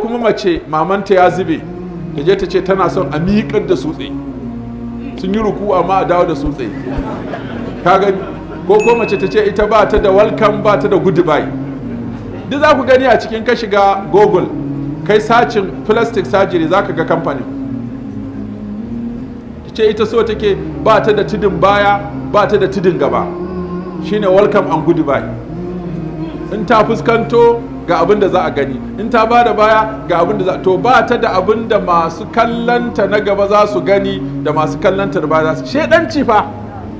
kuma mace mamanta ya zube ta je ta ce tana son a miƙar da sutse sun yi ruku amma a dawo da sutse gani ko ko mace ta ce ita ba ta da welcome ba ta da goodbye duk za ku gani a cikin ka shiga google kai sacin plastic surgery za ka ga kamfanin ta ce ita so take ba ta da tudun baya ba ta da tudun gaba shine welcome and goodbye in ta fuskanto ga abin da za a gani in ta ba da baya ga abin da za to ba ta da abin da masu kallanta na gaba za su gani da masu kallanta da baya za su shedanci fa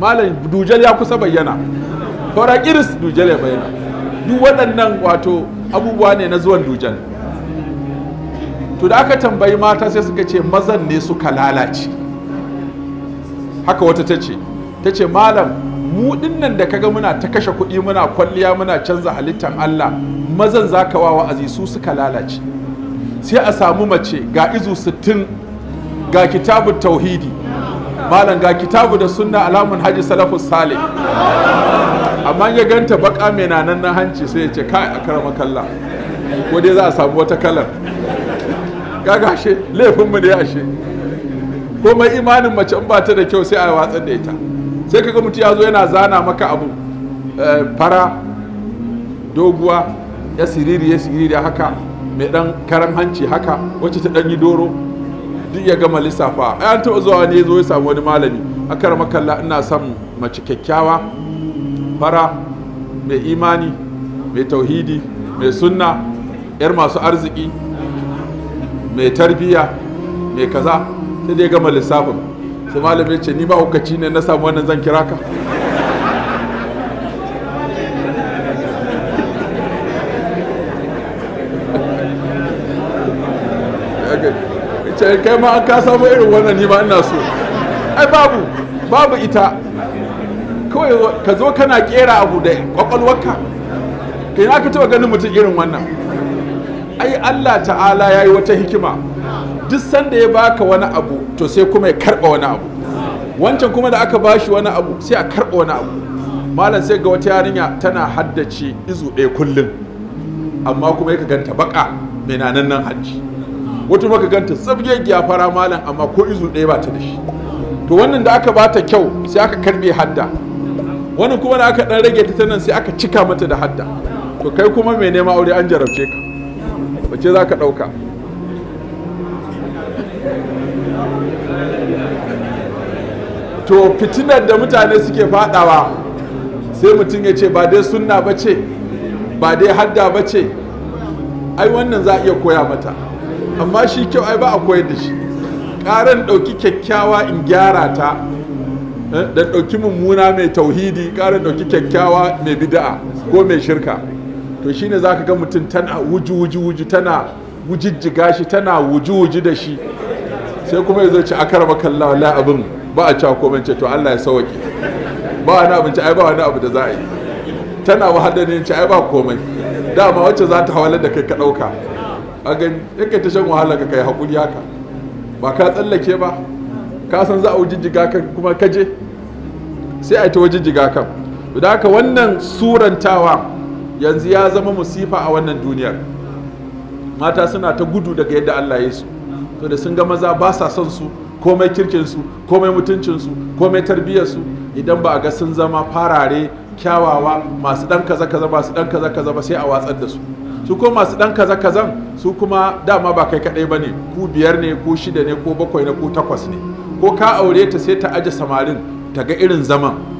malam dujal ya kusa bayyana saura kiris dujal ya bayyana duk waɗannan wato abubuwa ne na zuwan dujal to da aka tambayi mata sai suka ce mazan ne suka lalace haka wata ta ce ta ce malam mu dinnan da kaga muna ta kashe kuɗi muna kwalliya muna canza halittar Allah mazan zaka wa wa'azi su suka lalace sai a samu mace ga izu 60 ga kitabu tauhidi malam ga kitabu da sunna alamun haji salafus salih amma ya ganta baka mai nan hanci sai ya ce kai a karama kalla ko dai za a samu wata kalar kaga laifinmu ne ashe komai imanin mace in ba ta da kyau sai a watsar da ita sai kaga mutum ya zo yana zana maka abu eh, fara doguwa ya siriri ya siriri haka mai dan karan hanci haka wacce ta dan yi doro duk ya gama lissafa an taɓa zuwa ne zo ya samu wani malami a kar makalla ina son mace kyakkyawa fara mai imani mai tauhidi mai sunna yar masu arziki mai tarbiyya, mai kaza sai dai gama lissafin su malam ya ce ni ba hukaci ne na samu wannan zan kira ka ce kai ma an ka samu irin wannan ni ba, ina so ai babu babu ita kawai ka zo kana kera abu da kwakwalwarka kai na ka taba ganin mutum irin wannan ai Allah ta'ala ya yi wata hikima duk sanda ya baka wani abu to sai kuma ya karɓa wani abu wancan kuma da aka bashi wani abu sai a karɓa wani abu malam sai ga wata yarinya tana haddace izu ɗaya kullum amma kuma ya ganta baka mai nanan nan hajji wato maka ganta tsabgen ya fara malam amma ko izu ɗaya ba ta da shi to wannan da aka bata kyau sai aka karɓe hadda wani kuma da aka ɗan rage ta nan sai aka cika mata da hadda to kai kuma mai nema aure an jarabce ka wace za ka ɗauka to fitinar da mutane suke fadawa sai mutum ya ce ba dai sunna ba ce ba dai hadda ba ce ai wannan za a iya koya mata amma shi kyau ai ba a koyar da shi ƙaran ɗauki kyakkyawa in gyara ta da eh, ɗauki mummuna mai tauhidi ƙaran ɗauki kyakkyawa mai bida'a ko mai shirka to shine za ka ga mutum tana wuji wuji wuji tana wujijjiga shi tana wuji wuji da shi sai kuma ya zo ci akar makalla wala abin ba a cewa komai ce to Allah ya sauke ba wani abinci ai ba wani abu da za a yi tana wahada ne ci ai ba komai dama wacce za ta hawalar da kai ka ɗauka a gani in ka ta shan wahala ka kai haƙuri haka ba ka tsallake ba ka san za a wujijjiga ka kuma kaje sai a yi ta wujijjiga kan da haka wannan surantawa yanzu ya zama musifa a wannan duniyar mata suna ta gudu daga yadda Allah ya su to da sun ga maza ba sa son su komai kirkin su komai mutuncin su komai tarbiyyar su idan ba a ga sun zama farare kyawawa masu dan kaza kaza masu dan kaza kaza ba sai a watsar da su su ko masu dan kaza kazan su kuma dama ba kai kadai bane ku biyar ne ko shida ne ko bakwai ne ko takwas ne ko ka aure ta sai ta aje samarin ta ga irin zaman